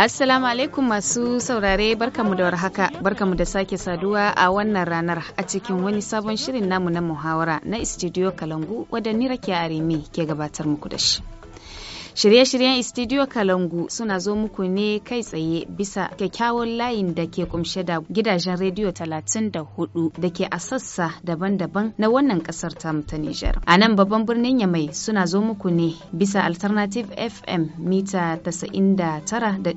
Assalamu alaikum masu saurare barkamu da warhaka barkamu da sake saduwa a wannan ranar a cikin wani sabon shirin namu na muhawara na Studio Kalangu wadda Nira ke Arimi ke gabatar muku da shi. Shirye-shiryen Studio Kalangu suna zo muku ne kai tsaye bisa kyakkyawan layin da ke kumshe da gidajen rediyo 34 da ke a sassa daban-daban na wannan kasar ta ta Nijar. A nan babban birnin Yamai suna zo muku ne bisa Alternative FM mita 99.4 e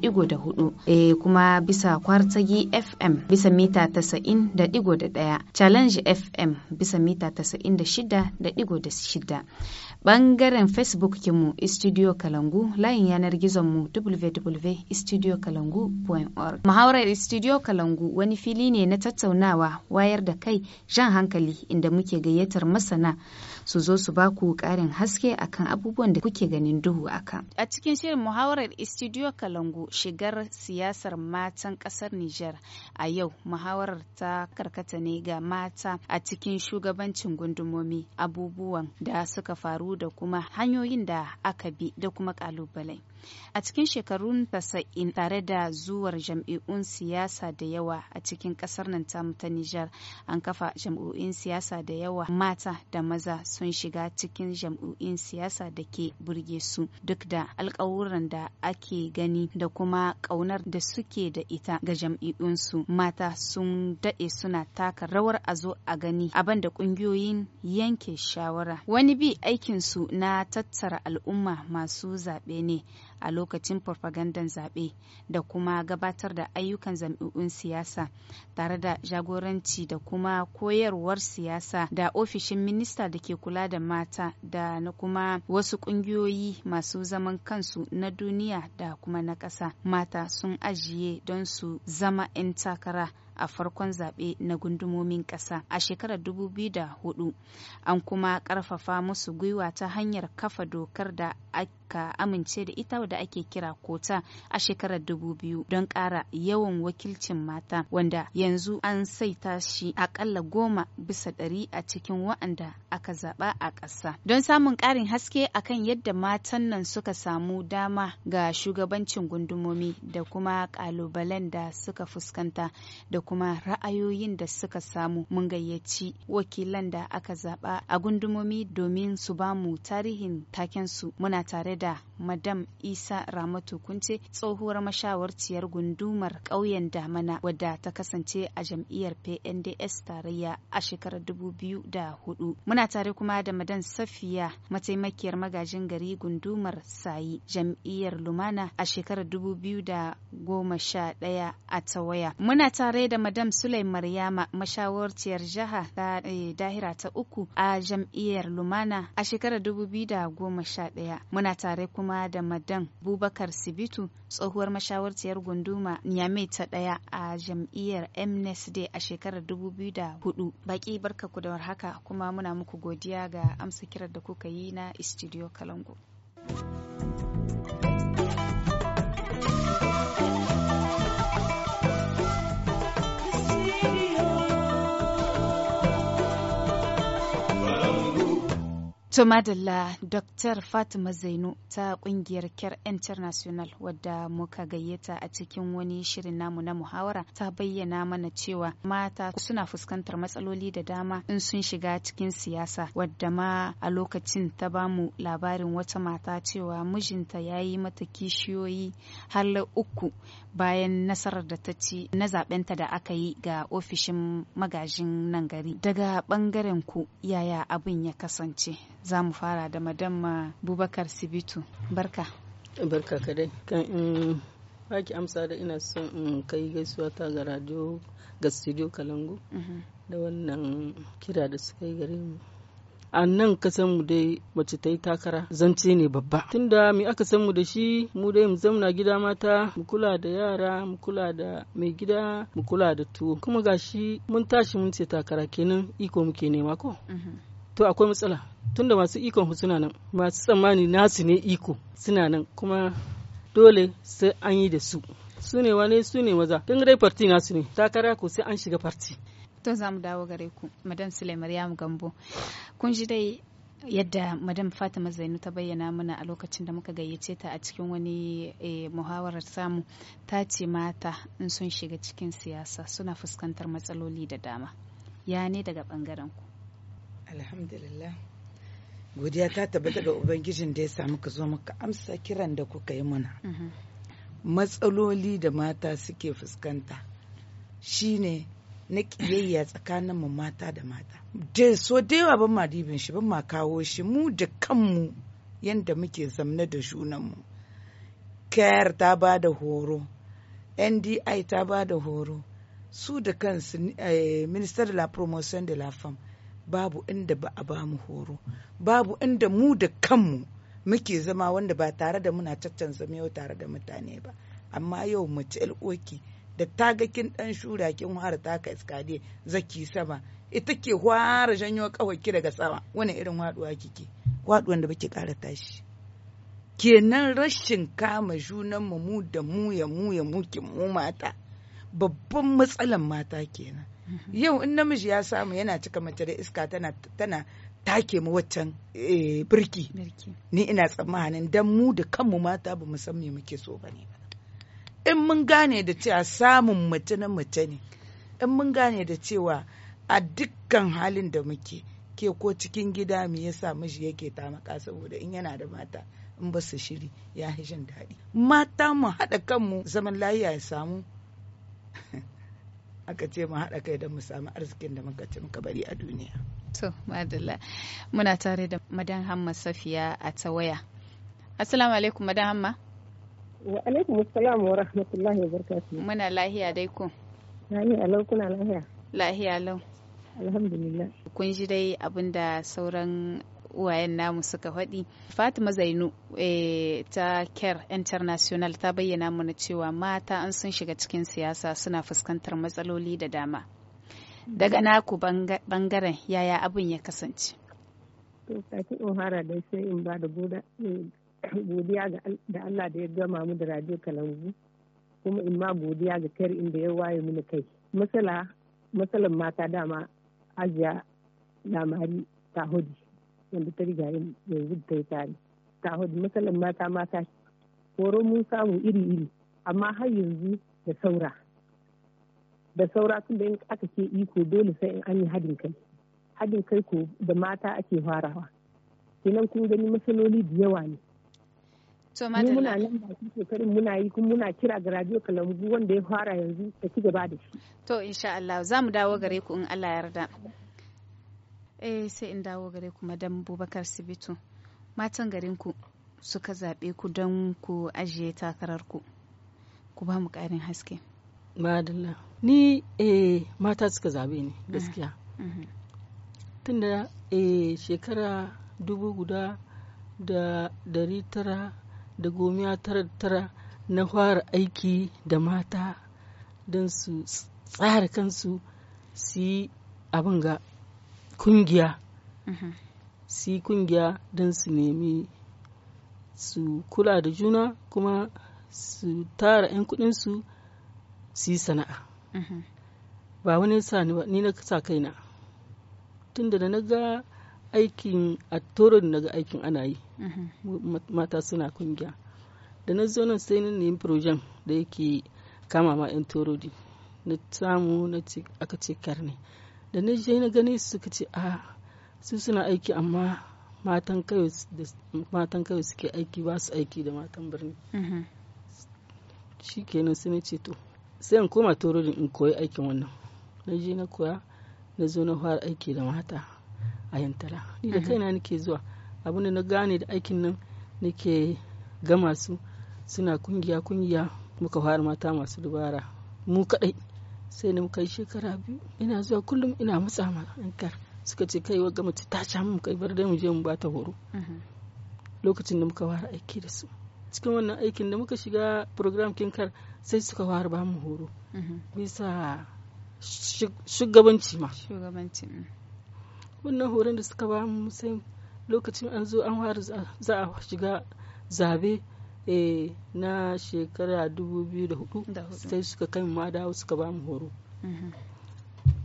eh, kuma bisa Kwartagi FM bisa mita 90.1 Challenge FM bisa mita 96.6 Bangaren Facebook kinmu Studio Kalangu layin yanar gizonmu www.studiokalangu.org. Muhawarar Studio Kalangu wani fili ne na tattaunawa wayar da kai jan hankali inda muke gayyatar masana su zo su ba ku ƙarin haske akan abubuwan da kuke ganin duhu akan. A cikin shirin muhawarar Istidiyo Kalangu shigar siyasar matan kasar Nijar a yau muhawarar ta karkata ne ga mata a cikin shugabancin gundumomi abubuwan da suka faru da kuma hanyoyin da aka bi da kuma ƙalubale. a cikin shekarun tasa'in tare da zuwar jam'i'un siyasa da yawa a cikin kasar nan tamu ta Nijar an kafa jam'i'un siyasa da yawa mata da maza sun shiga cikin jam'i'un siyasa da ke burge su duk da alkawuran da ake gani da kuma ƙaunar da suke da ita ga jam'i'un su. mata sun daɗe suna taka rawar a zo a gani abin da ƙungiyoyin yanke shawara wani bi aikinsu na tattara al'umma masu zaɓe ne a lokacin farfagandan zaɓe da kuma gabatar da ayyukan zam'i'un siyasa tare da jagoranci da kuma koyarwar siyasa da ofishin minista da ke kula da mata da na kuma wasu ƙungiyoyi masu zaman kansu na duniya da kuma na ƙasa mata sun ajiye don su zama 'yan takara a farkon zaɓe na gundumomin ƙasa a shekarar 2004 an kuma ƙarfafa musu gwiwa ta hanyar kafa dokar da aka amince da ita da ake kira kota a shekarar 2000 don ƙara yawan wakilcin mata wanda yanzu an saita shi aƙalla goma bisa ɗari a cikin wa'anda aka zaɓa a ƙasa don samun ƙarin haske akan yadda matan nan suka samu dama ga shugabancin gundumomi da kuma ƙalubalen da suka fuskanta da kuma ra'ayoyin da suka samu mun gayyaci wakilan da aka zaɓa a gundumomi domin su bamu tarihin takensu muna tare da madam isa ramatu kunce tsohuwar mashawarciyar gundumar ƙauyen damana wadda ta kasance a jam'iyyar pnds tarayya a shekarar 2004 muna tare kuma da madan safiya mataimakiyar magajin gari gundumar sayi jam'iyyar lumana a shekarar 2011 a tawaya muna tare da madam sulai maryama mashawarciyar jiha ta eh, dahira ta uku a jam'iyyar lumana a shekarar 2011 muna tare kuma kuma da madan bubakar sibitu tsohuwar mashawarciyar gunduma niamey ta daya a jam'iyyar mnsd a shekarar 2004 baki barka ku da warhaka kuma muna muku godiya ga amsa kirar da kuka yi na studio kalangu To madalla Dr. Fatima Zainu ta kungiyar Care International wadda muka gayyata a cikin wani shirin namu na muhawara ta bayyana mana cewa mata suna fuskantar matsaloli da dama in sun shiga cikin siyasa wadda ma a lokacin ta bamu labarin wata mata cewa mijinta ya yi mata kishiyoyi har uku bayan nasarar da ta ci na zabenta da aka yi ga ofishin magajin nan gari. Daga bangaren ku yaya abin ya kasance? za mu fara da madamma bubakar sibitu barka barka kadai kan in um, baki amsa da ina son in kai gaisuwa ta ga radio ga studio kalangu mhm. da wannan kira da suka yi gare mu a nan kasan mu dai mace ta yi takara zance ne babba tunda mai aka san mu da shi mu dai mu zauna gida mata mu kula da yara mu kula da mai gida mu kula da tuwo kuma gashi mun tashi mun ce takara kenan iko muke nema ko mhm. to akwai matsala tunda masu ikon suna nan masu tsammani nasu ne iko suna nan kuma dole sai an yi da su su ne wane su ne maza tun dai farti nasu ne takara ko sai an shiga farti to za mu dawo gare ku madam sule maryam gambo kun ji dai yadda madam fatima zainu ta bayyana mana a lokacin da muka gayyace ta a cikin wani eh, muhawarar samu ta ce mata in sun shiga cikin siyasa suna fuskantar matsaloli da dama ya ne daga bangaren ku alhamdulillah godiya ta tabbata ga ubangijin da ya samu ka zo muka amsa kiran da kuka yi mana mhm. matsaloli da mata suke fuskanta shine na kiyayya tsakanin mu mata da mata da so da yawa ban ma shi ban ma kawo shi mu da kanmu yadda muke zamna da junanmu kayar ta ba da horo ndi ta ba da horo su da kansu eh, minister de la promotion de la femme babu inda ba a ba mu horo babu inda mu da kanmu muke zama wanda ba tare da muna caccan zama yau tare da mutane ba amma yau mace al'oki da tagakin kin dan shura kin hara ta ka iskade zaki sama ita ke hwara janyo kawaki daga sama wani irin waduwa kike waduwan da baki kara tashi kenan rashin kama junan mu mu da mu ya mu ya mu ki mu mata babban matsalan mata kenan Mm-hmm. yau in namiji ya samu yana cika mace da iska tana tana take mu waccan eh, birki ni ina tsammanin dan mu da kanmu mata ba mu san me muke so bane ba in mun gane da cewa samun mace na mace ne in mun gane da cewa a dukkan halin da muke ke ko cikin gida me yasa miji yake ta tamaka saboda in yana da mata in ba su shiri ya jin daɗi mata mu haɗa kanmu zaman lahiya ya samu aka ce mu haɗa kai don mu samu arzikin da muka ci muka bari a duniya. To, madalla. Muna tare da Madan Hamma Safiya a ta waya. Assalamu alaikum Madan Hamma. Wa alaikum assalam wa rahmatullahi wa barakatuh. Muna lahiya dai ku. Nani alau kuna lahiya. Lahiya lau. Alhamdulillah. Kun ji dai abin da sauran wayan namu suka faɗi fatima zainu eh, ta care international ta bayyana mana cewa mata an sun shiga cikin siyasa suna fuskantar matsaloli da dama daga naku bangaren yaya abin ya kasance to kafin in da sai in ba da eh, godiya da Allah da ya gama mu da radio kalangu kuma in ma godiya ga kar inda ya waye mini kai matsalar matsalan mata dama ajiya lamari ta hudu wanda ta riga yanzu ta yi tare ta hudu matsalar mata mata horo mun samu iri-iri amma har yanzu da saura da saura tun da aka ke iko dole sai in an yi haɗin kai haɗin kai ko da mata ake farawa kenan kun gani matsaloli da yawa ne to muna nan bakin shekarun muna yi kuma muna kira ga radio kalambu wanda ya fara yanzu ta ci gaba da shi to insha Allah za mu dawo gare ku in Allah ya yarda eh sai in dawo gare ku madam bubakar sibitu matan garin ku suka zaɓe ku don ku ajiye takarar ku ku ba mu ƙarin haske madalla ni eh mata suka zaɓe ni mm-hmm. gaskiya mm-hmm. tunda eh shekara dubu guda da dari tara da gomiya tara tara na fara aiki da mata don su tsara kansu su yi abin ga kungiya mm-hmm. su yi kungiya don su nemi su kula da juna kuma su tara 'yan kudinsu su yi sana'a mm-hmm. ba wani sani ni ba ni na sa kaina tunda da na ga aikin a toro da na ga aikin ana yi mm-hmm. mata suna kungiya da na zo nan sai na nemi projen da yake kama ma 'yan torodi na samu na aka ce karni da na je na gani suka ce a su suna aiki amma matan kawai suke aiki ba su aiki da matan birni mm-hmm. shi kenan sai ce to sai in koma tororin in koyi aikin wannan na je na koya na zo na fara aiki da mata a yantara ni da mm-hmm. kaina nake zuwa abinda na gane da aikin nan nake gama su suna kungiya kungiya muka fara mata masu dubara mu kadai sai ni kai shekara biyu ina zuwa kullum ina matsa ma hankar suka ce kai wagga mace ta ci mu kai bar dai mu je mu bata horo mhm. lokacin da muka ware aiki da su cikin wannan aikin da muka shiga program kinkar sai suka ware ba mu horo mhm. bisa shugabanci ma shugabanci mm. wannan horon da suka ba mu sai lokacin an zo an ware za a shiga zabe eh na shekara 2004 sai suka kai ma dawo suka ba mu horo mhm.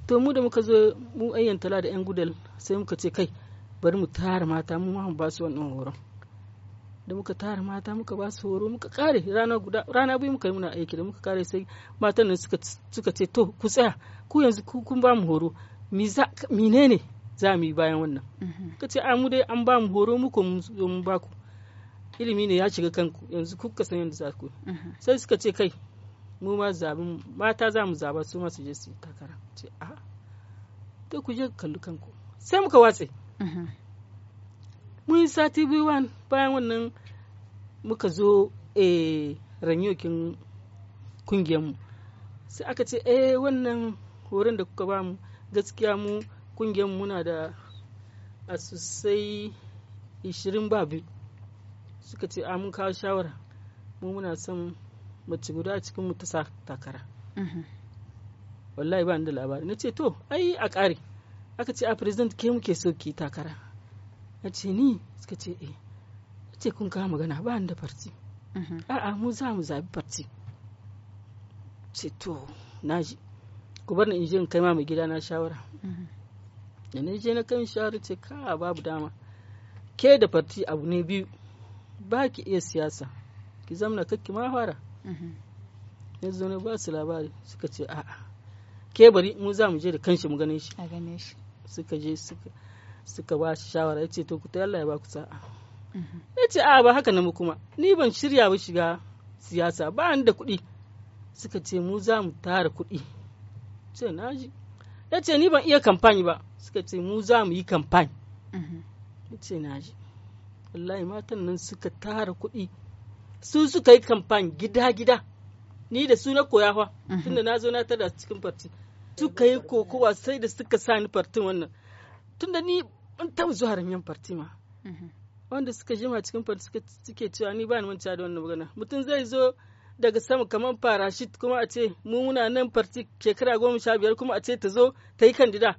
to mu da muka zo mu ayyan tala da yan gudal sai muka ce kai bari mu tara mata mu ma ba su wannan horon da muka tara mata muka ba su horo muka kare rana guda rana biyu muka yi muna aiki da muka kare sai matan nan suka suka ce to ku tsaya ku yanzu kun ba mu horo mi za mine ne za mu yi bayan wannan mhm. ka ce a mu dai an ba mu horo mu ko mu zo mu ba ku ilimi ne ya shiga kanku yanzu kuka san yadda za ku sai suka ce kai mu ma zabi mata za mu zaba su ma su je su takara ce a to ku je kallu kanku sai muka watse mun yi sati biyu bayan wannan muka zo a eh, ranyokin kungiyarmu sai aka ce eh wannan horon da kuka ba mu gaskiya mu kungiyarmu muna da sosai 20 ba biyu suka ce a mun kawo shawara mu muna son mace guda cikin mu ta sa takara mhm. wallahi ba da labari na ce to ai a ƙare aka ce a president ke muke so ki takara na ce ni suka ce eh na ce kun kawo magana ba da farti mhm. a'a mu za mu zabi farti ce to na ji ku bar in je in kai ma mai gida na shawara mhm. da na je na kan shawara ce ka babu dama ke da farti abu ne biyu ba ki iya siyasa ki zamna kakki ma fara mhm. yanzu ne ba su labari suka ce a'a ke bari mu za mu je da kanshi mu gane shi suka je suka ba shi shawara ya ce to ku ta Allah ya ba ku sa'a mhm. ya ce a ba haka na mu kuma ni ban shirya ba shiga siyasa ba ni da kuɗi suka ce mu za mu tara kuɗi ce na ji ya ce ni ban iya kamfani ba suka ce mu za mu yi kamfani mhm. ya ce na ji wallahi matan nan suka tara kuɗi su suka yi kamfan gida-gida ni da su na koya fa mhm. tunda na zo na tada cikin farti suka yi kokowa sai da suka sa ni fartin wannan tunda ni mun taɓa zuwa ramiyan farti ma mhm. wanda suka jima cikin farti suke cewa ni ba ni manta da wannan magana mutum zai zo daga sama kamar parashit kuma a ce mu muna nan farti shekara goma sha biyar kuma a ce ta zo ta yi kandida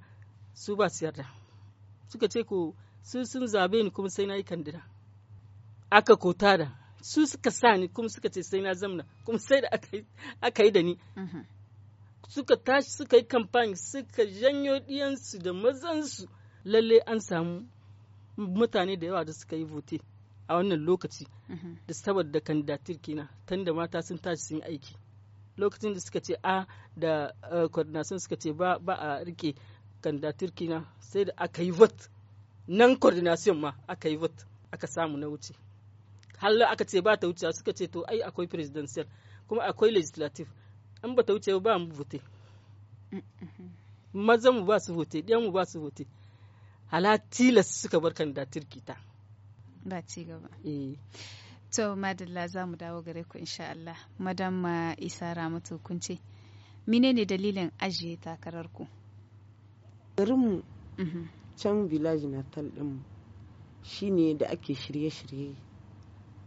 su ba su yarda suka ce ko su sun zabe ni kuma sai na yi kandida aka kota da su suka sa ni kuma suka ce sai na zamna kuma sai da aka yi da ni mm-hmm. suka tashi suka yi kamfani suka janyo diyansu da mazansu lalle an samu mutane da yawa da suka yi vote a wannan lokaci mm-hmm. da saboda kandidatir kina tan da mata sun tashi sun yi aiki lokacin da suka ce a da eh, coordination suka ce ba a rike kandidatir kina sai da aka yi vote nan coordination ma aka yi vote aka samu na wuce har aka ce ba ta wuce suka ce to ai akwai presidential kuma akwai legislative an ba ta wuce ba mu vote mm-hmm. maza mu ba su vote ɗiyan mu ba su vote hala tilas suka bar kandidatir kita ba ci gaba eh to madalla za mu dawo gare ku insha Allah madam isa ramatu kun ce menene dalilin ajiye takarar ku garinmu mm-hmm. can village natal ɗin ne da ake shirye-shirye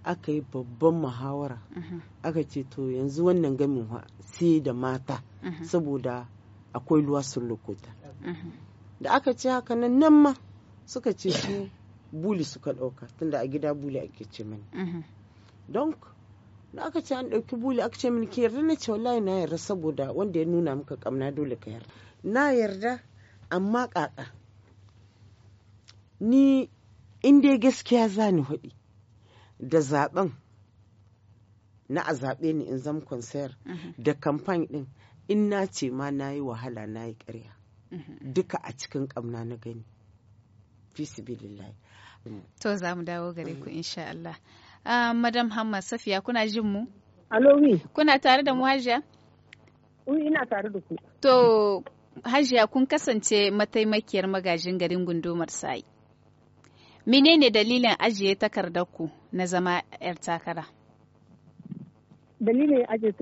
aka yi babban muhawara mhm. aka ce to yanzu wannan gamin sai da mata mhm. saboda akwai luwasun lokuta mhm. da aka ce haka nan nan ma suka ce shi buli suka ɗauka tunda a gida buli ake ce mani don da aka ce an ɗauki buli aka ce mini ki yarda na ce wallahi na yarda saboda wanda ya nuna muka kamna dole ka yarda na yarda amma kaka. ni in dai gaskiya za ni hudi da zaben na a zaɓe ni in zama kwansayar mhm. da kamfan din in na ce ma na yi wahala na yi ƙarya mhm. duka a cikin ƙamna na gani fisibilillahi mm. to za mu dawo gare ku insha Allah ah, madam Hamma Safiya kuna jin mu alowi kuna tare da mu Hajiya ina tare da ku to Hajiya kun kasance mataimakiyar magajin garin gundumar Sai menene dalilin ajiye takardar ku na zama 'yar takara dalilin ajiye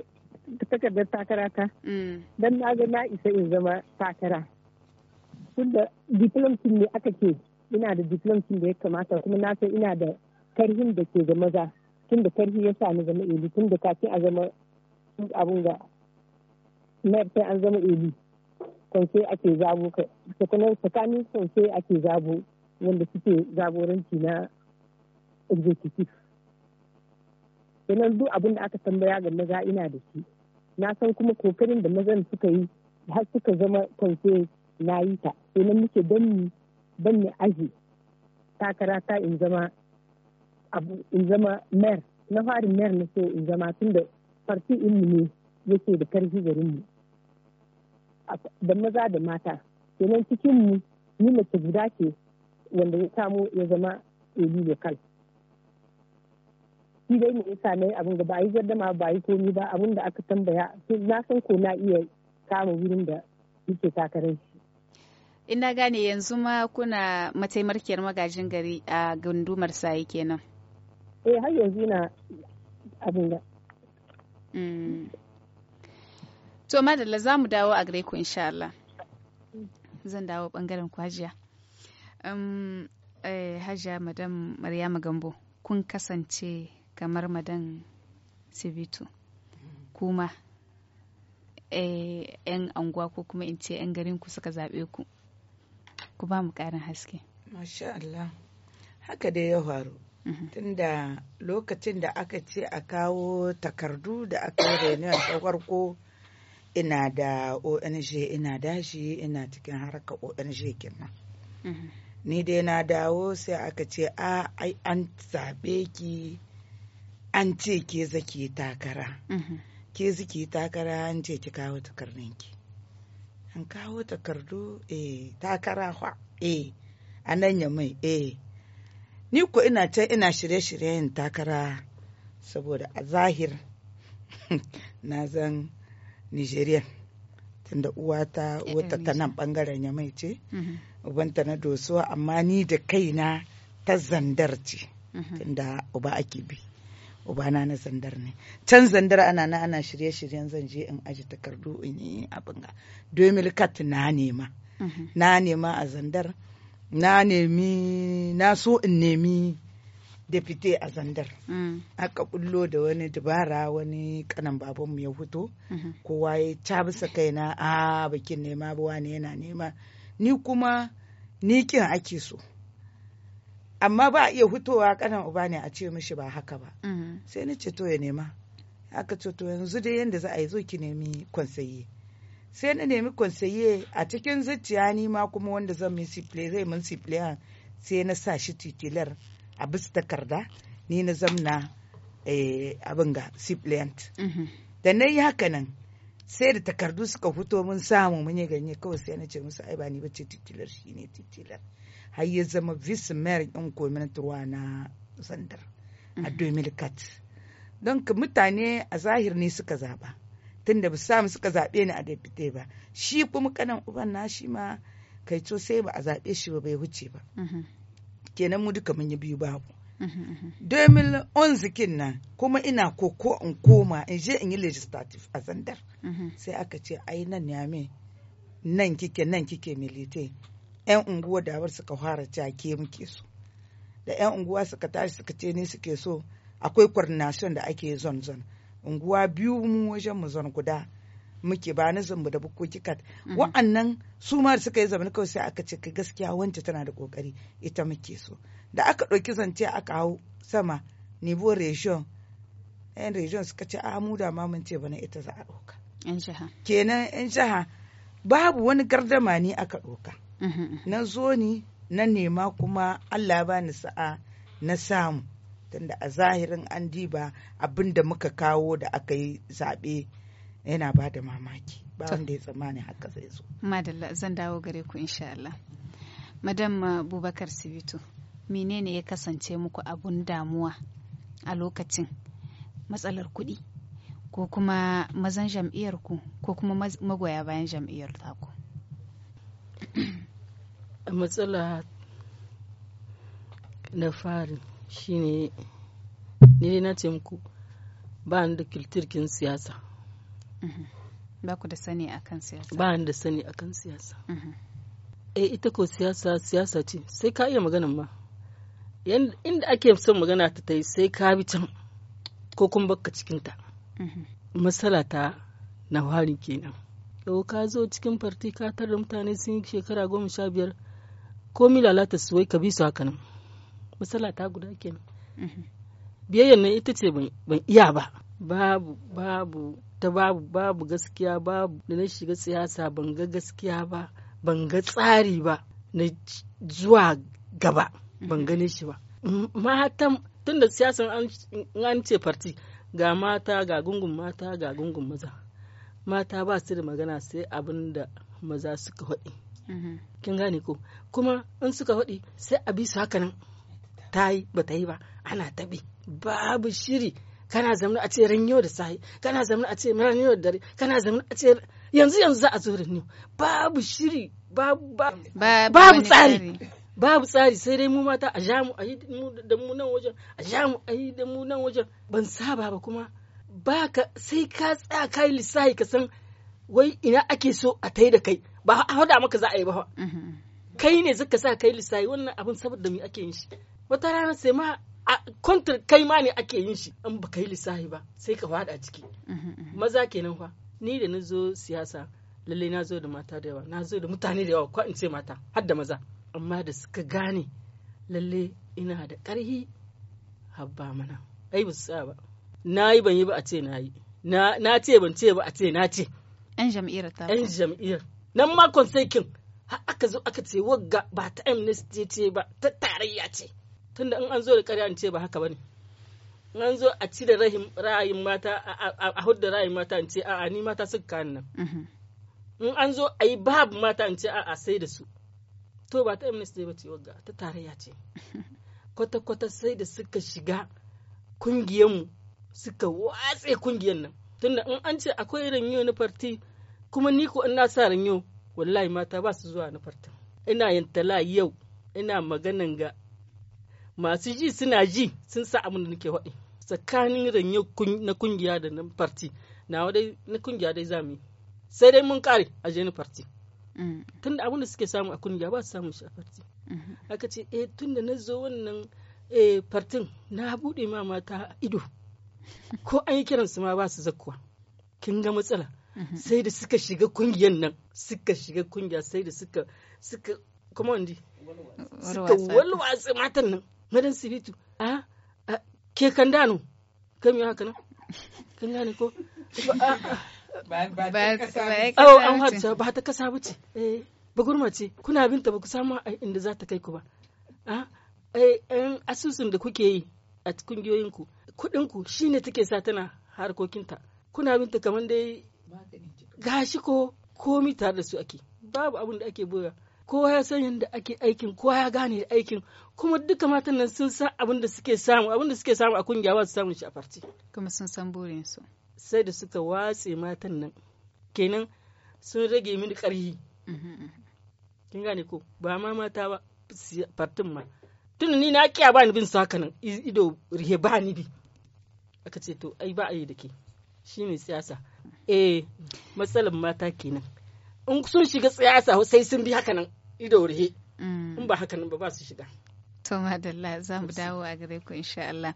takardar takara ta mm. don na ga na isa in zama takara tunda diplomkin ne aka ce ina da diplomkin da ya kamata kuma na san ina da karhin da ke ga maza tunda karhi ya sa ni zama eli tunda kafin a zama abun ga mayar sai an zama eli Kwanse ake zabo tsakanin kwanse ake zabo wanda suke zagoranci na executive sannan duk abin da aka tambaya ga maza ina da shi na san kuma kokarin da mazan suka yi har suka zama kwanse na yi ta sannan muke ban ni aji takara ta in zama abu in zama mayor na farin mayor na so in zama tun da farti inmu ne yake da karfi garinmu da maza da mata kenan mu ni mace guda ce wanda ya samu ya zama eli local shi dai ne yasa na abin da ba yi gardama ba yi komi ba abin da aka tambaya na san ko na iya kama wurin da yake takarar shi ina gane yanzu ma kuna mataimakiyar magajin gari a gundumar sayi kenan eh har yanzu na abin da mm. to madalla za mu dawo a gare ku insha Allah zan dawo bangaren kwajiya um, eh, hajja madam maryama gambo kun kasance kamar madam sibitu kuma yan eh, anguwa ko kuma in ce yan garin ku suka zaɓe ku ku ba mu ƙarin haske masha Allah haka dai ya faru mhm. tunda lokacin da aka ce a kawo takardu da aka yi reunion ta farko ina da ong ina dashi ina cikin harkar ong kenan mhm. ni dai na dawo sai aka ce a ai an zabe ki an ce ke zaki takara mhm. ke zaki takara an ce ki kawo takardunki an kawo takardu eh takara fa eh a nan ya mai eh ni ko ina can ina shirye-shiryen takara saboda a zahir na zan nigeria tunda uwata wata ta nan bangaren ya mai ce mhm. ubanta na dosuwa amma ni da kaina ta zandar ce mhm. tunda uba ake bi ubana na zandar ne can zandar ana na ana shirye-shiryen zan je in aji takardu in yi abin ga domin kat na nema mhm. na nema a zandar na nemi na so in nemi depute a zandar mm. aka kullo da wani dabara wani kanan babanmu ya fito mhm. kowa ya bisa kaina a ah, bikin nema ba wani yana nema ni kuma ni kin ake so amma ba a iya hutowa kanan uba ne a ce mishi ba haka ba mm-hmm. sai ni ce to ya nema aka ce to yanzu dai yanda za a yi zo ki nemi kwansaye sai na nemi kwansaye a cikin zuciya ni ma kuma wanda zan min siple zai min siple sai na sa shi titilar a bisa takarda ni na zamna eh, abin ga siplant mm-hmm. da na yi haka nan sai da takardu suka fito mun samu mun yi ganye kawai sai na ce musu ai ba ni bace titilar shi ne titilar har ya zama vice mayor ɗin turwa na zandar a 2004 mm-hmm. don ka mutane a zahir ne suka zaba da ba samu suka zaɓe ni a depute ba shi kuma kanan uban na shi ma kai sai ba a zaɓe shi ba bai wuce ba mm-hmm. kenan mu duka mun yi biyu babu 2011 kin nan kuma ina koko in koma in je in yi legislative a zandar sai aka ce ai nan me nan kike nan kike milite yan unguwa da suka fara cake muke so da yan unguwa suka tashi suka ce ne suke so akwai coordination da ake zon zon unguwa biyu mu wajen mu zon guda muke ba na zambu da bukoki kat mhm. wa'annan su ma suka yi zaman kawai sai aka ce gaskiya wancan tana da kokari ita muke so da aka ɗauki zance aka hau sama nivo region yan region suka ce a ah, mu da ma mun ce bana ita za a ɗauka kenan yan jiha babu wani gardama ne aka ɗauka mm-hmm. na zo ni na nema kuma allah ba ni sa'a na samu tunda a zahirin an diba abinda muka kawo da aka yi zaɓe yana ba da mamaki ba wanda ya tsammani haka zai zo madalla zan dawo gare ku insha Allah madam uh, Bubakar Sibito menene ya kasance muku abun damuwa a lokacin matsalar kuɗi ko kuma mazan jam'iyyarku ko kuma magoya bayan jam'iyyar taku a matsala na fari shine ne na ce muku ba ni da kiltirkin siyasa mhm. ba ku da sani akan siyasa ba ni da sani akan siyasa mhm. eh ita ko siyasa siyasa ce sai ka iya maganin ma inda ake son magana ta ta yi sai ka bi can ko kuma baka cikinta mm-hmm. matsala ta na harin kenan yau ka zo cikin farti ka tarda mutane sun yi shekara goma sha biyar ko mi lalata su wai ka bi su haka nan matsala ta guda kenan mm-hmm. biyayyar nan ita ce ban iya ba babu babu ta babu babu gaskiya babu da na shiga siyasa ban ga gaskiya ba ban ga tsari ba na zuwa gaba ban mhm. gane shi ba matan da siyasan an ce farti ga mata ga gungun mata ga gungun maza mata ba su da magana sai abin da maza suka haɗi mhm. kin gane ko kuma in suka haɗi sai a bi su hakanan ta yi ba ta yi ba ana taɓi babu shiri kana zamna a ce ran yau da sahi kana zamna a ce ran yau da dare kana zamna a ce yanzu yanzu za a zo da babu shiri babu tsari babu tsari sai dai mu mata a ja mu a yi da mu nan wajen a ja mu a yi da mu nan wajen ban saba ba kuma baka sai ka tsaya kai lissahi ka san wai ina ake so a tai da kai ba a hada maka za a yi ba mm-hmm. kai ne zaka sa kai lissahi wannan abin saboda me ake yin shi wata rana sai ma a kontar kai ma ne ake yin shi An ba kai lissahi ba sai ka fada ciki mm-hmm. maza kenan fa ni da na zo siyasa lalle na zo da mata da yawa na zo da mutane da yawa ko in ce mata har da maza amma da suka gane lalle ina da ƙarhi habba mana ai ba su ba na yi ban yi ba a ce na yi na ce ban ce ba a ce na ce yan jam'iyyar ta yan jam'iyyar nan ma konsekin har aka zo aka ce wagga ba ta amnesty ce ba ta tarayya ce tunda in an zo da ƙarya an ce ba haka bane in an zo a ci da ra'ayin mata a hudda ra'ayin mata an ce a'a ni mata suka kan nan mhm. in an zo a yi babu mata an ce a'a sai da su to ba ta amnesty ba ce wagga ta tarayya ce kwata-kwata sai da suka shiga kungiyanmu suka watse kungiyan nan tunda in an ce akwai ranyo na farti kuma ni ko ina sa ranyo wallahi mata ba su zuwa na fartin ina yin yau ina maganan ga masu ji suna ji sun sa abin da nake faɗi tsakanin ranyo na kungiya da na farti na wadai na kungiya dai zamu sai dai mun kare a je na farti tunda da da suke samu a kungiya ba su samu shi a farti mhm. aka ce eh tunda na zo wannan fartin eh, na buɗe ma mata ido ko an yi kiransu ma ba su zakkuwa kin ga matsala mhm. sai da suka shiga kungiyan nan suka shiga kungiya sai da suka suka kuma wandi suka walwatsa matan nan madan sibitu a ke kandano dano kan yi haka nan kan gane ko Ba Oh, an harta ba ta kasa ba ce. Eh, Bagurma ce, kuna binta ba ku samu inda za ta kai ku ba. Yan ah, eh, asusun da kuke yi a kungiyoyinku, kuɗinku shi ne take sa tana harkokinta. Kuna binta kamar dai gashi ko komi tare da su ake. Babu abin da ake boya. kowa ya san yadda ake aikin kowa ya gane aikin kuma duka matan nan sun san abin da suke samu abin da suke samu a kungiya ba su samun shi a farti kuma sun san burin su sai da suka watse matan nan kenan sun rage mini ƙarfi kin gane ko ba ma mata ba fartin ma tun ni na kiya ba ni bin su nan ido rihe ba ni bi aka ce to ai ba a yi da ke shine siyasa eh matsalar mata kenan in sun shiga siyasa sai sun bi haka nan ido rihe mm. in ba haka nan ba ba su shiga to madalla za mu dawo a gare ku insha Allah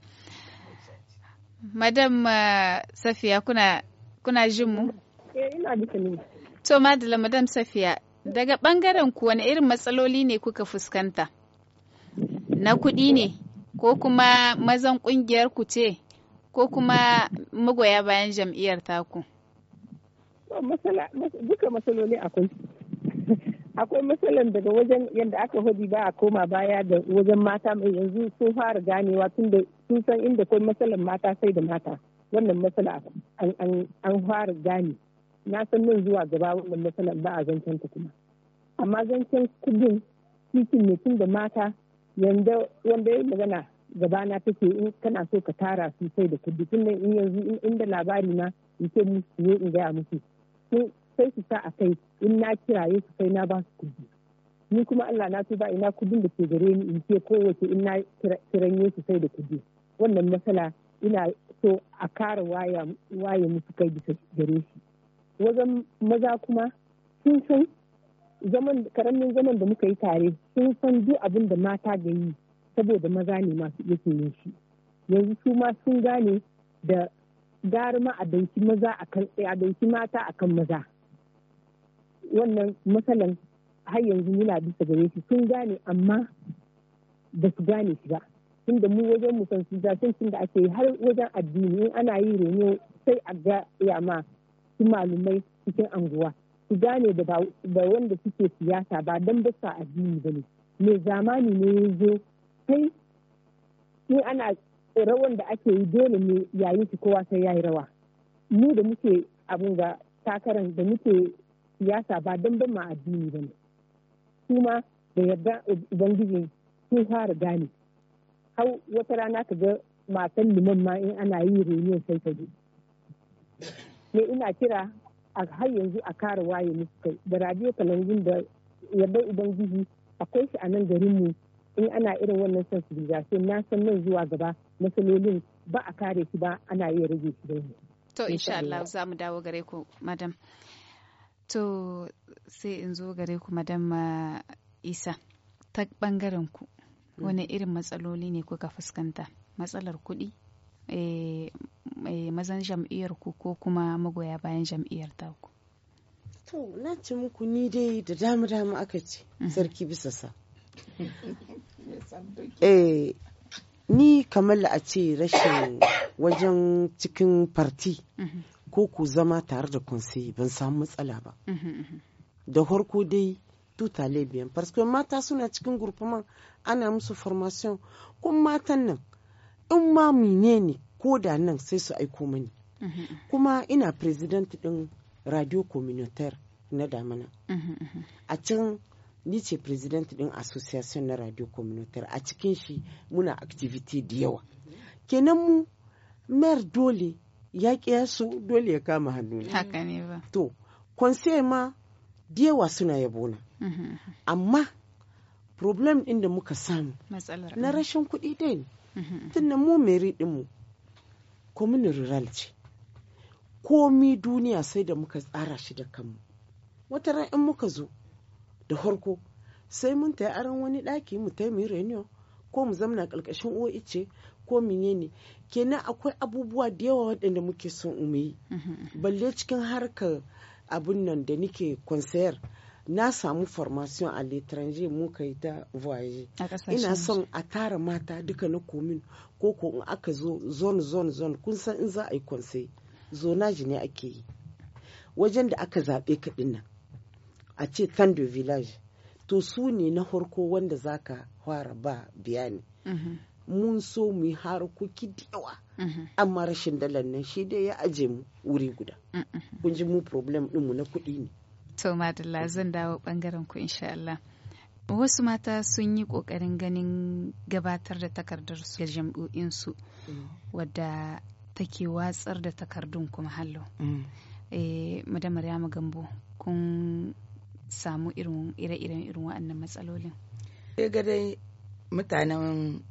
madam uh, safiya kuna kuna jin mu eh ina duka to madala madam safiya daga bangaren ku wani irin matsaloli ne kuka fuskanta na kuɗi ne ko kuma mazan ƙungiyar ku ce ko kuma magoya bayan jam'iyyar taku duka matsaloli akwai akwai matsalan daga wajen yadda aka hudi ba a koma baya da wajen mata mai yanzu sun fara ganewa tun da sun san inda kai matsalan mata sai da mata wannan matsala an fara gane na san nan zuwa gaba wannan matsalan ba a zancen ta kuma amma zancen kudin cikin mutum da mata yanda wanda ya magana gabana take in kana so ka tara su da kudi tun in yanzu inda labari na in ce ne in gaya musu sai su sa a kai in na kiraye su sai na ba su kuɗi ni kuma Allah na ba ina kuɗin da ke gare ni in ce kowace in na kiranye su sai da kudi wannan matsala ina so a kara waye musu kai bisa gare shi wajen maza kuma sun san zaman karamin zaman da muka yi tare sun san duk abin da mata da yi saboda maza ne masu yake yin shi yanzu su ma sun gane da gari ma a maza a mata a kan maza wannan matsalan har yanzu muna bisa gare shi sun gane amma ba su gane shi ba tunda mu wajen mu san sun da ake har wajen addini in ana yi reno sai a ga yama su malumai cikin anguwa su gane da ba wanda suke siyasa ba don ba sa addini ba ne mai zamani ne ya zo sai in ana rawan da ake yi dole ne yayin shi kowa sai ya yi rawa mu da muke abun ga takarar da muke siyasa ba don ban addini ba ne kuma da yarda ubangiji sun fara gane hau wata rana ka ga matan liman ma in ana yi reunion sai ka me ina kira a har yanzu a kara waye musu kai da radio kalangun da yarda ubangiji akwai shi a nan garin mu in ana irin wannan sai na san nan zuwa gaba matsalolin ba a kare shi ba ana iya rage shi da to insha Allah za mu dawo gare ku madam To sai in zo gare ku madamma uh, Isa ta bangaren ku wani mm. irin matsaloli ne kuka fuskanta matsalar kuɗi eh, eh, mazan jam'iyyar ku ko kuma magoya bayan jam'iyyar ku. To na ce muku ni dai da dama dama aka ce mm-hmm. sarki bisa sa. Eh, ni kamar a ce rashin wajen cikin farti mm-hmm. ko ku zama tare da kunsi ban samu matsala ba da farko dai tutale biyan parce mata suna cikin gurfuman ana musu formation kun matan nan in ma mine ne ko da nan sai su aiko mani kuma ina president din radio communautaire na damana a can ni ce president din association na radio communautaire a cikin shi muna activity da yawa kenan mu mer dole ya kiya su dole ya kama hannu ne haka ne ba to kwanse ma diyawa suna yabo na. Mhm. amma problem ɗin da muka samu na rashin kuɗi dai ne mhm. tunan mu meri mu, kwamunin rural ce komi duniya sai da muka tsara shi da kanmu wata rain muka zo da farko sai mun tayi aron wani ɗaki mu tayi mu yi ko mu zamna ƙarƙashin oice ko menene kenan akwai abubuwa da yawa waɗanda muke son mu balle cikin harkar abun nan da nike konsayar na samu formation a l'étranger muka yi ta voyage ina son a tara mata duka na komin ko ko in aka zo zone zone zone kun san in za a yi konsai zonaji ne ake yi wajen da aka zaɓe ka nan a ce tando village to su ne na farko wanda zaka fara ba bayani mm mun so mu yi harkoki da yawa mhm. amma rashin dalar nan shi dai ya aje mu wuri guda mhm. kun ji mu problem mu na kuɗi ne to madalla zan dawo bangaren ku insha Allah wasu mata sun yi kokarin ganin gabatar da takardar su ga jam'o'in su mm. wadda take watsar da takardun kuma hallo mm. eh madam Maryama Gambo kun samu irin ire-iren irin waɗannan matsalolin. ga mutanen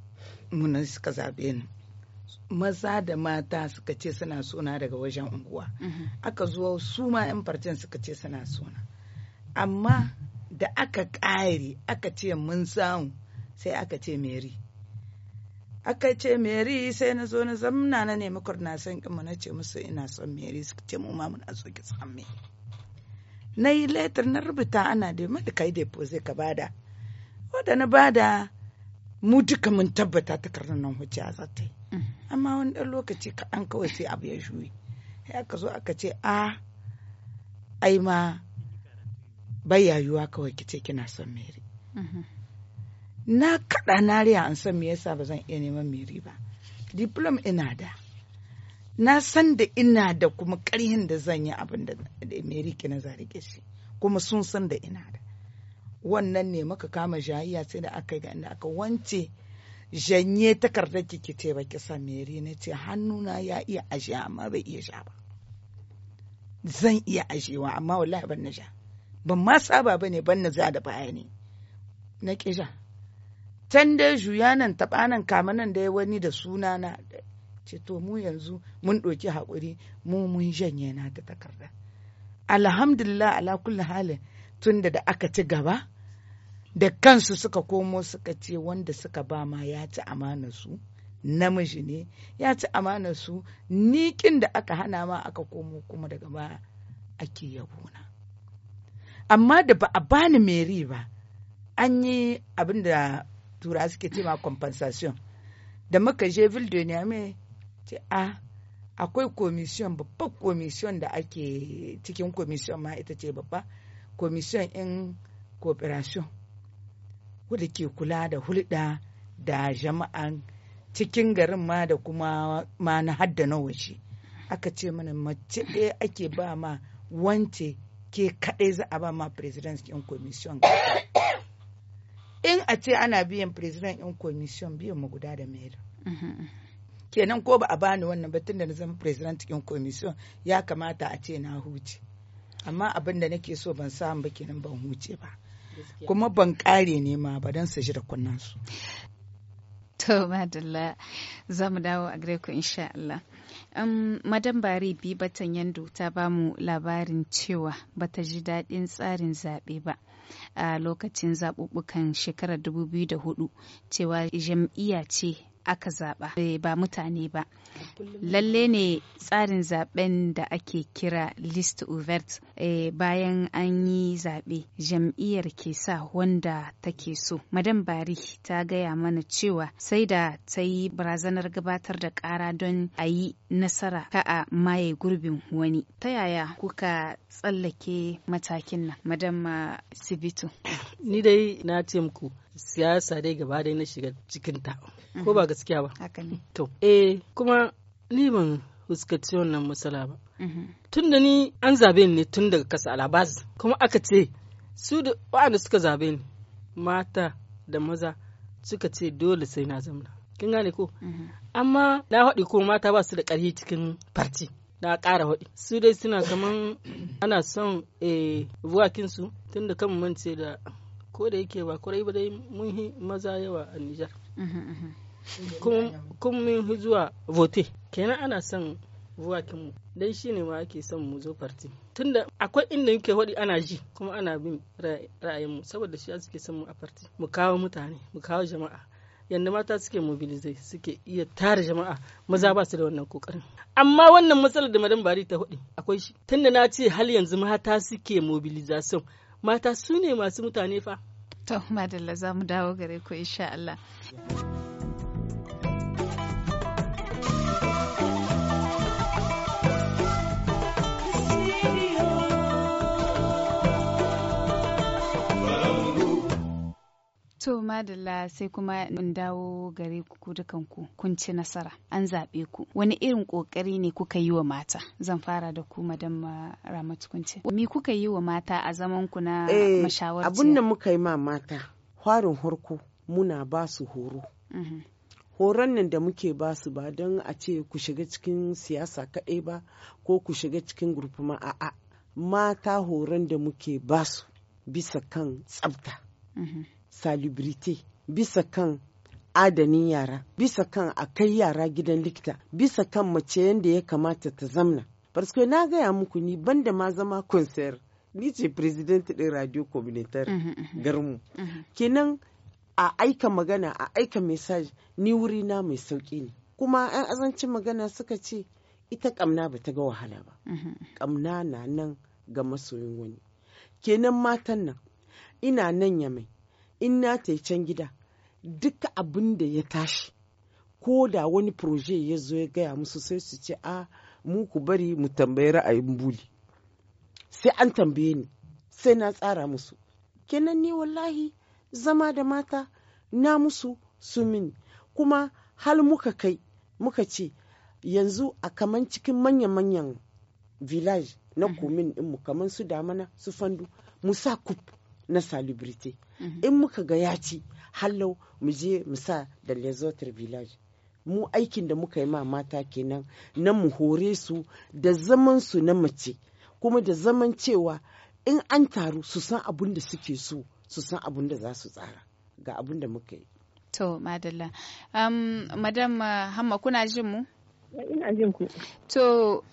munan suka zaɓe ni maza da mata suka ce suna suna daga wajen unguwa mhm. aka zo su ma 'yan farcen suka ce suna suna amma da aka ƙare aka ce mun samu sai aka ce meri aka ce meri sai na zo na zamna na nemi kurnasan na ce musu ina son meri suka ce mu ma muna so ki san me na yi letter na rubuta ana da mata kai zai ka bada wanda na bada mu duka mun tabbata takardar nan hujja za ta yi mm. amma wani ɗan lokaci kaɗan kawai sai abu ya shuyi Ya ka zo aka ce a ai ma bai yayuwa kawai kice kina son meri mm-hmm. na kaɗa na riya an san me yasa ba zan iya neman meri ba diplom ina da na san da ina da kuma ƙarhin da zan yi abin da meri kina zarike shi kuma sun san da ina da wannan ne maka kama jahiya sai da aka ga inda aka wance janye takardar kike ce ba ki san na ce hannuna ya iya aje amma bai iya sha ba zan iya ajewa amma wallahi ban na sha ban ma saba ba ne ban na za da baya ne na ƙi sha can dai juya nan taɓa nan kama nan da wani da suna na ce to mu yanzu mun ɗoki haƙuri mu mun janye na ta takarda alhamdulillah ala kulli halin tunda da aka ci gaba da kansu suka komo suka ce wanda suka ba ma ya ci amana su namiji ne ya ci amana su nikin da aka hana ma aka komo kuma daga ba ake yabona amma da ba a bani meri ba an yi abin da tura suke ce ma compensation da muka je ame ce a akwai commission babbar commission da ake cikin commission ma ita ce babba commission in cooperation wadda ke kula da hulɗa da jama'an cikin garin ma da kuma ma na hadda na waje aka ce mana mace ɗaya ake ba ma wance ke kaɗai za a ba ma president in commission in a ce ana biyan president in commission biyan mu guda da mayar kenan ko ba a bani wannan ba tun da na zama president in commission ya kamata a ce na huce amma abin da nake so ban samu ba kenan ban huce ba kuma ban ƙare nema ba don su ji da kunnansu. To za mu dawo a gare ku insha Allah. Um, Madan Bari bi batan yando ta ba mu labarin cewa bata ji daɗin tsarin zaɓe ba a lokacin zaɓuɓɓukan shekarar 2004 cewa jam'iyya ce aka zaɓa eh, ba mutane ba lalle ne tsarin zaben da ake kira list overt eh, bayan an yi zaɓe jam'iyyar ke sa wanda take so madan bari ta gaya mana cewa sai da ta yi barazanar gabatar da ƙara don a yi nasara ka a maye gurbin wani ta yaya kuka tsallake matakin nan madama ah, sibitu ni dai na ce muku siyasa dai gaba dai na shiga cikinta ko ba mhm. gaskiya ba to eh kuma ni ban fuskanci wannan matsala ba mhm. tun da ni an zabe ne tun daga kasa alabaz kuma aka ce su da waɗanda suka zabe ni mata da maza suka ce dole sai na zama kin gane ko mhm. amma na haɗi ko mata ba su da ƙarfi cikin farci na ƙara haɗi su dai suna kaman ana son buwakin eh, su tun da kan mance da ko da yake ba kurai ba dai mun maza yawa a Nijar kun min zuwa vote kenan ana son buwakin mu dan shine ma ake son mu zo farti tunda akwai inda yake waɗi ana ji kuma ana bin ra'ayinmu saboda shi suke son mu a farti mu kawo mutane mu kawo jama'a yanda mata suke mobilize suke iya tara jama'a maza ba su da wannan kokarin amma wannan matsalar da madan bari ta hudu akwai shi tunda na ce hal yanzu mata suke mobilization mata su ne masu mutane fa to madalla za mu dawo gare ku insha Allah To madalla sai kuma in dawo gare ku dukan ku kun ci nasara an zaɓe ku wani irin ƙoƙari ne kuka yi wa mata zan fara da ku madam Ramatu kunce me kuka yi wa mata a zaman ku na eh, mashawarci abun da muka yi ma mata farin horko muna ba su horo mm-hmm. horon nan da muke ba su ba don a ce ku shiga cikin siyasa kaɗai ba ko ku shiga cikin gurfuma a'a mata horon da muke ba su bisa kan tsabta mm-hmm. salubrite bisa kan adanin yara bisa kan a kai yara gidan likita bisa kan mace yadda ya kamata ta zamna farsko na gaya muku ni banda ma zama konser ni ce president din radio communautaire mhm, mhm. garmu mhm. kenan a aika magana a aika message ni wuri na mai sauki ne kuma an azancin magana suka ce ita kamna ba ta ga wahala ba kamna na nan ga masoyin wani kenan matan nan ina nan ya mai in na ta can gida duka abin da ya tashi ko da wani proje ya zo ya gaya musu sai su ce a ah, mu ku bari mu tambayi ra'ayin buli sai an tambaye ni sai na tsara musu kenan ni wallahi zama da mata na musu su mini kuma hal muka kai muka ce yanzu a kaman cikin manya-manyan village na mhm. komin mu kaman su damana su fandu mu sa kup na salibirite Mhm. in muka ga ya ci hallau mu je mu sa da lesotre village mu aikin da muka yi ma mata kenan na mu hore su da zaman su na mace kuma da zaman cewa in an taru su san abun da suke so su san abun da za su tsara ga abun da muka yi to madalla um, madam uh, hamma kuna jin mu ina jin ku to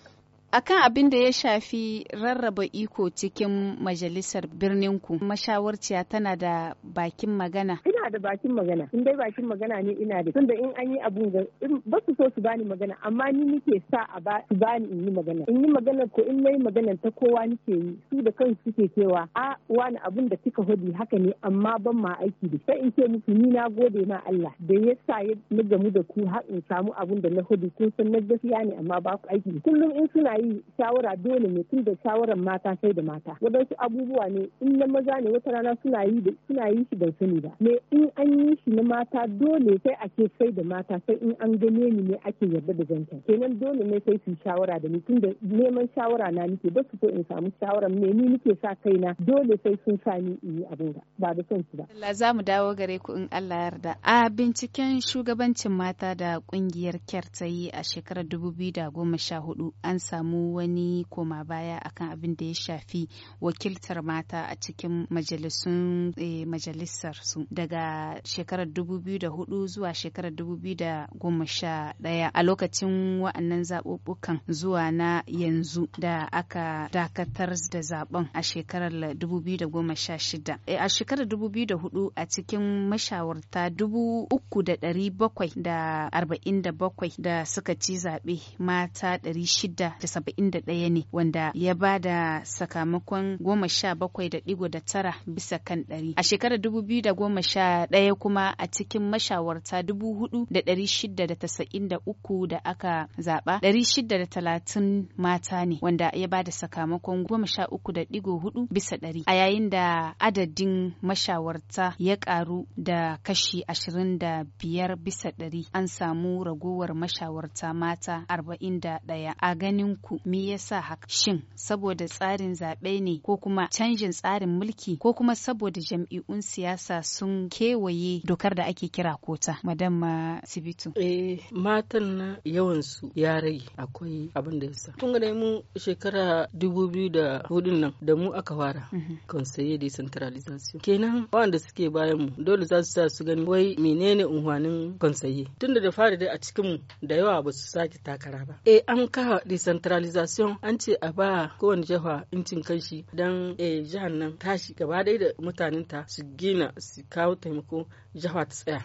akan abin da ya shafi rarraba iko cikin majalisar birnin ku mashawarciya tana da bakin magana ina da bakin magana in dai bakin magana ne ina da tunda in an yi abun ga ba su so su bani magana amma ni nike sa a ba su bani in yi magana in yi magana ko in nayi magana ta kowa nike yi su da kansu suke cewa a wani abun da kika hudi haka ne amma ban ma aiki da sai in ce musu ni na gode ma Allah da ya sa ya na mu da ku har in samu abun da na hudi kun san na gaskiya ne amma ba ku aiki kullum in suna yi shawara dole ne tun da shawaran mata sai da mata wadansu abubuwa ne in na maza ne wata rana suna yi suna yi shi ban sani ba me in an yi shi na mata dole sai a ce sai da mata sai in an gane ni ne ake yarda da zancen kenan dole ne sai su shawara da ni da neman shawara na nake ba su so in samu shawara me ni nake sa kai na dole sai sun sa ni in yi abin ba da son su ba Allah za mu dawo gare ku in Allah yarda a binciken shugabancin mata da kungiyar kyar ta yi a shekarar hudu an samu wani koma baya akan abin da ya shafi wakiltar mata a cikin majalisun eh, majalisar su daga shekarar 2004 zuwa shekarar 2011 a lokacin wa'annan zaɓuɓɓukan zuwa na yanzu da aka dakatar da zaben a shekarar 2016 eh, a shekarar 2004 a cikin mashawarta 3,747 da suka ci zaɓe mata 671 ne wanda ya ba da sakamakon 17.9 bisa kan 100 a shekarar 2010 ɗaya kuma a cikin mashawarta dubu hudu da ɗari shida da tasa'in da uku da aka zaɓa ɗari shida da talatin mata ne wanda ya ba da sakamakon goma sha uku da ɗigo hudu bisa ɗari a yayin da adadin mashawarta ya ƙaru da kashi ashirin da biyar bisa ɗari an samu ragowar mashawarta mata arba'in da ɗaya a ganin ku me yasa haka shin saboda tsarin zaɓe ne ko kuma canjin tsarin mulki ko kuma saboda jam'i'un siyasa sun ke kewaye dokar da ake kira kota madam uh, sibitu eh matan na yawan su ya rage akwai abin da yasa tun ga mu shekara 2004 nan da mu aka fara mhm. conseiller decentralization kenan wanda suke bayan mu dole za su sa su gani wai menene unhwanin conseiller tunda da fara dai a cikin mu da yawa ba su sake takara ba eh an ka decentralization an ce a ba kowane jiha incin kanshi dan eh jihar nan tashi gaba da mutanen ta su gina su kawo taimako jiha ta tsaya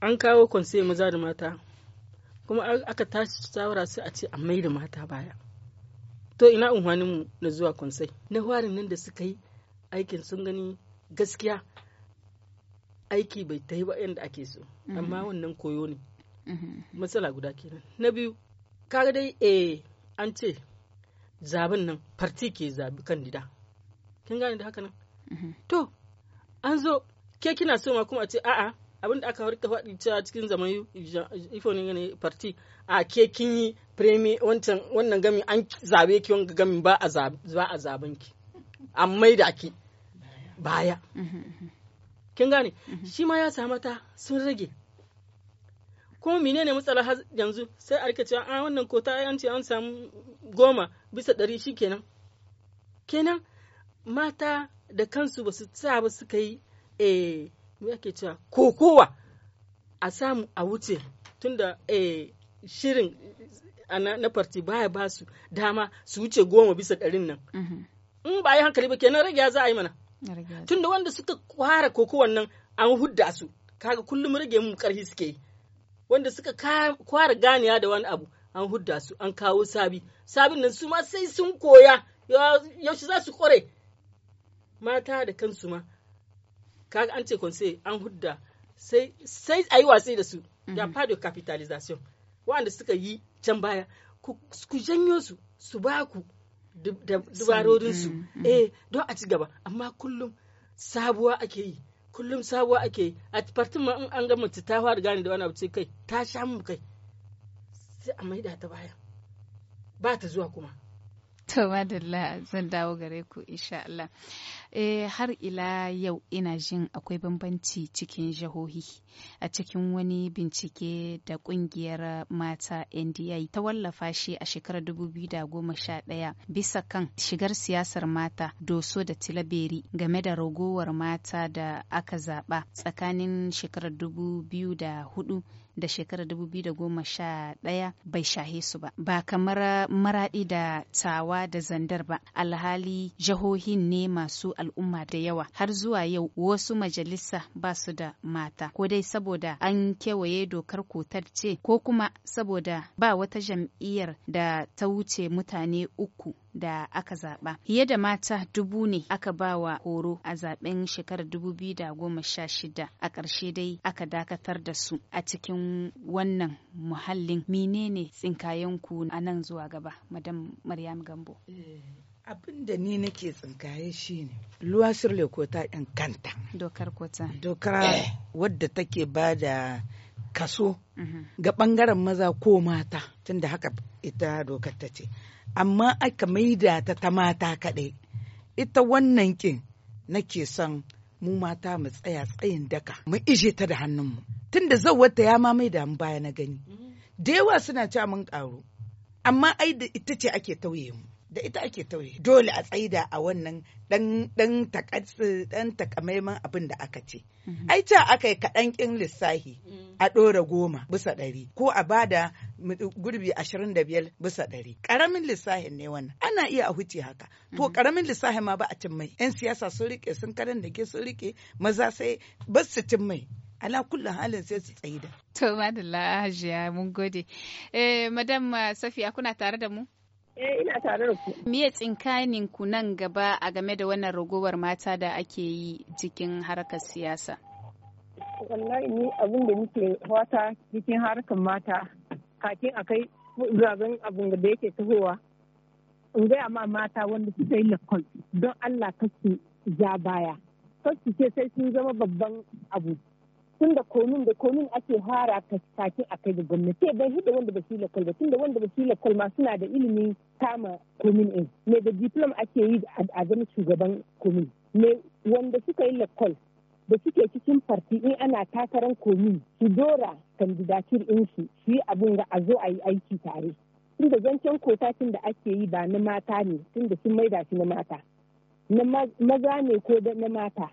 an kawo kwanse maza da mata kuma aka tashi shawara sai a ce a mai da mata baya to ina unhwaninmu na zuwa kwansai na warin nan da suka yi aikin sun gani gaskiya aiki bai ta yi ba yadda ake so mhm. amma wannan koyo ne mhm. matsala guda kenan na biyu kaga dai eh an ce zaben nan farti ke zabi kandida kin gane da haka nan mhm. to an zo ke kina so ma kuma a ce a'a abin da aka harka faɗi cewa cikin zaman ifonin ne parti a ke kin yi premi wannan gami an zabe ki wanga gami ba a zaben ki an maida ki baya kin gane shi ma ya samu ta sun rage ko menene matsala yanzu sai a cewa a ah, wannan kota an ce an samu goma bisa ɗari shi kenan kenan mata da kansu ba su sa ba suka yi eh cewa kokowa a samu a wuce tunda eh shirin na farti baya ba su dama su wuce goma bisa ɗarin nan mm-hmm. in ba yi hankali ba kenan rage za a yi mana tunda wanda suka kwara kokowan nan an hudda su kaga kullum rage mu karfi suke wanda suka kwara ganiya da wani abu an hudda su an kawo sabi sabin nan su ma sai sun koya yaushe za su kware mata da kansu ma kaga an ce konse an hudda sai sai a yi watsi da su ya mhm. fado capitalization waɗanda suka yi can baya ku janyo su su ba ku dubarorinsu mhm. eh don a ci gaba amma kullum sabuwa ake yi kullum sabuwa ake yi a fartin ma an ga mace ta fara gane da wani abu kai ta sha mu kai sai a maida ta baya ba ta zuwa kuma To madalla zan dawo gare ku insha Allah. Eh har ila yau ina jin akwai bambanci cikin jihohi a cikin wani bincike da kungiyar mata NDI ta wallafa shi a shekarar 2011 bisa kan shigar siyasar mata Doso da Tilaberi game da ragowar mata da aka zaba tsakanin shekarar 2004 da shekarar 2011 bai shahe su ba ba kamar maradi da tawa da zandar ba alhali jihohin ne masu al'umma da yawa har zuwa yau wasu majalisa ba su da mata ko dai saboda an kewaye dokar kotar ce ko kuma saboda ba wata jam'iyyar da ta wuce mutane uku da aka zaɓa. Fiye da mata dubu ne aka ba wa horo a zaben shekarar dubu biyu da goma sha shida. A ƙarshe dai aka dakatar da su a cikin wannan muhallin. Menene tsinkayenku a nan zuwa gaba, Madam Maryam Gambo? Eh, abin da ni nake tsinkaye shi ne, luwa sirle kota in kanta dokar kota dokar eh. wadda take ba da kaso mhm. ga bangaren maza ko mata tunda haka ita dokar ta ce amma aka maida ta ta mata kaɗai ita wannan kin nake son mu mata mu tsaya tsayin daka mu ije ta da hannunmu tunda ta ya ma maida mu baya na gani mm-hmm. da yawa suna cewa mun ƙaru amma ai da ita ce ake tauye mu da ita ake tauye dole a tsaida a wannan dan takatsi dan takamaiman abin da aka ce mhm. ai ta aka yi kaɗan kin lissahi mm. a ɗora goma bisa ɗari ko a bada gurbi ashirin da biyar bisa ɗari ƙaramin lissahin ne wannan ana iya a huce haka to mhm. ƙaramin lissahin ma ba a cin mai 'yan siyasa sun rike sun karan da ke sun rike maza sai ba su cin mai ala kullum halin sai su tsaida. To madalla hajiya mun gode. Eh, madam Safiya kuna tare da mu? Eh ina tare da ku. Miye tsinkanin ku nan gaba a game da wannan ragowar mata da ake yi cikin harkar siyasa? Wallahi ni abin da nake wata cikin harkar mata kafin a kai zazen abin da yake tahowa. In gaya ma mata wanda su yi lakon don Allah kasu ja baya. Kasu ce sai sun zama babban abu. tun da komin da komin ake hara ka take a kai gwamnati bai hida wanda ba tun da wanda ba shi ma suna da ilimi kama komin in me da diplom ake yi a zama shugaban komin me wanda suka yi lakol da suke cikin farti in ana takarar komin su dora kandidatir in su su yi abin da a zo a yi aiki tare tun da zancen kota tun da ake yi ba na mata ne tun da sun maida shi na mata na maza ne ko da na mata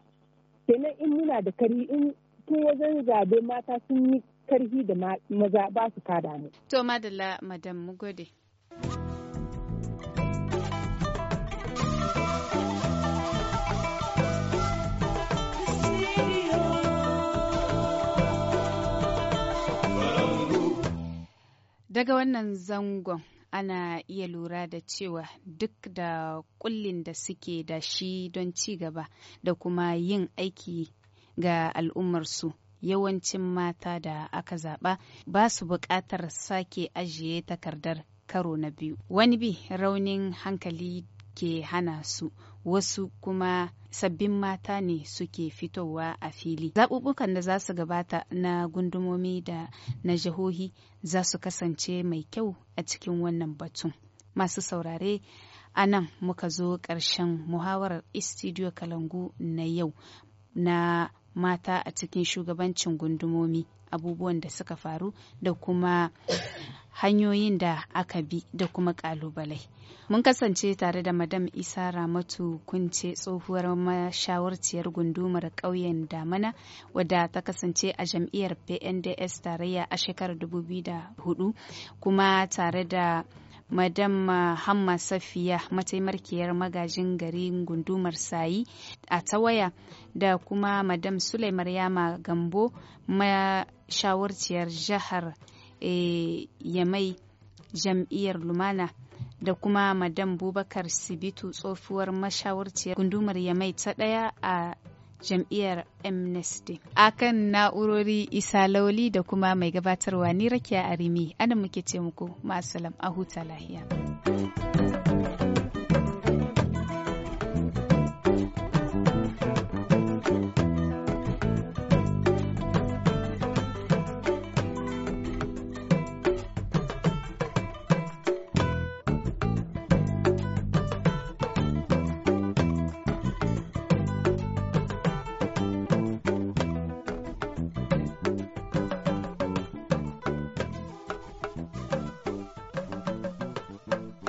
kenan in muna da kari in tun wajen zabe mata sun yi karhi da maza ba su kada ne. To madalla madam mu gode. Daga wannan zangon ana iya lura da cewa duk da kullin da suke da shi don ci gaba da kuma yin aiki ga al'ummarsu yawancin mata da aka zaɓa ba su buƙatar sake ajiye takardar karo na biyu wani bi raunin hankali ke hana su wasu kuma sabbin mata ne suke fitowa a fili zaɓuɓɓukan da za su gabata na gundumomi da na jihohi za su kasance mai kyau a cikin wannan batun masu saurare a nan muka zo ƙarshen muhawarar istidiyo kalangu na yau na mata a cikin shugabancin gundumomi abubuwan da suka faru da kuma hanyoyin da aka bi da kuma kalubalai. Mun kasance tare da Madam Isa Ramatu Kunce tsohuwar mashawarciyar gundumar ƙauyen Damana wadda ta kasance a jam'iyyar PNDS tarayya a shekarar 2004 kuma tare da madam uh, hamma safiya mataimakiyar magajin garin gundumar sayi a tawaya da kuma madam sulai maryama gambo mashawarciyar jihar eh, yamai jam'iyyar lumana da kuma madam bubakar sibitu tsofuwar mashawarciyar gundumar yamai ta ɗaya a jam'iyyar amnesty kan na'urori isa lauli da kuma mai gabatarwa ni rakiya arimi ana muke ce muku masu a huta lahiya